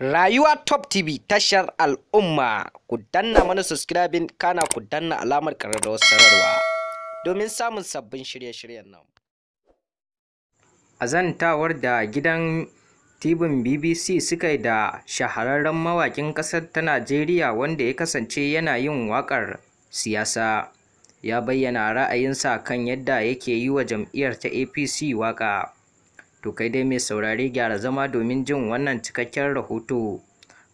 Rayuwa Top TV tashar al'umma ku danna mana subscribing kana ku danna alamar ƙararrawar sanarwa domin samun sabbin shirye-shiryen nan. Azantawar da gidan tibin BBC suka yi da shahararren mawakin ƙasar ta Najeriya wanda ya kasance yana yin waƙar siyasa ya bayyana ra'ayinsa kan yadda yake yi wa jam'iyyar ta APC waƙa. To kai dai mai saurare gyara zama domin jin wannan cikakken rahoto.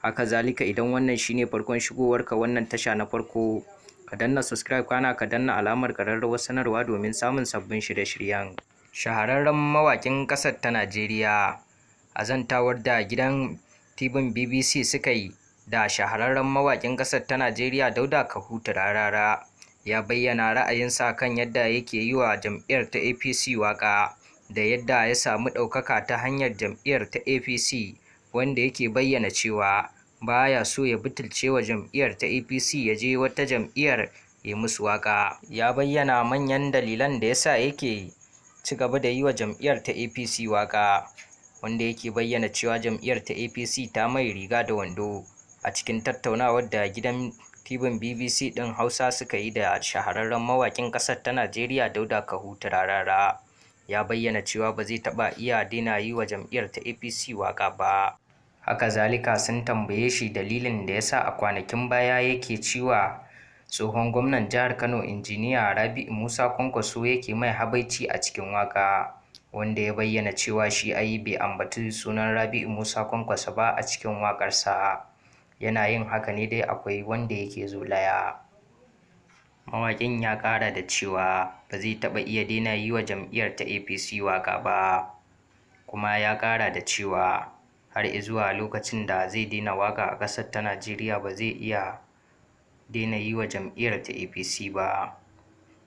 Haka zalika idan wannan shine farkon shigowarka wannan tasha na farko, ka danna subscribe kana ka danna alamar ƙararrawar sanarwa domin samun sabbin shirye-shiryen. Shahararren mawaƙin ƙasar ta Najeriya, azantawar da gidan tibin BBC suka yi da shahararren mawakin ƙasar ta Najeriya Dauda Kahuta Rarara ya bayyana ra'ayinsa kan yadda yake yi wa jam'iyyar ta APC waƙa. da yadda ya samu ɗaukaka ta hanyar jam'iyyar ta APC wanda yake bayyana cewa baya so ya butulcewa jam'iyyar ta APC ya je wata jam'iyyar ya musu waka ya bayyana manyan dalilan da yasa yake ci gaba da yi wa jam'iyyar ta APC waka wanda yake bayyana cewa jam'iyyar ta APC ta mai riga da wando a cikin tattaunawar da gidan tibin BBC ɗin Hausa suka yi da shahararren mawakin ƙasar ta Najeriya Dauda Kahu Rarara. ya bayyana cewa ba zai taɓa iya daina yi wa jam'iyyar ta apc waƙa ba haka zalika sun tambaye shi dalilin da ya sa a kwanakin baya yake ciwa tsohon gwamnan jihar kano injiniya rabi'u musa kwankwaso yake mai habaici a cikin waƙa wanda ya bayyana cewa shi ai bai ambaci sunan rabi'u musa kwankwaso ba a cikin waƙarsa yana yin haka ne dai akwai wanda yake zolaya Mawaƙin ya ƙara da cewa ba zai taɓa iya daina yi wa jam'iyyar ta APC waƙa ba, kuma ya ƙara da cewa har izuwa lokacin da zai daina waƙa a ƙasar ta Najeriya ba zai iya daina yi wa jam'iyyar ta APC ba.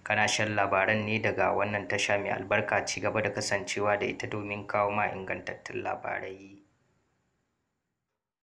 Kana shan labaran ne daga wannan tasha mai albarka, ci gaba da kasancewa da ita domin kawo ma ingantattun labarai.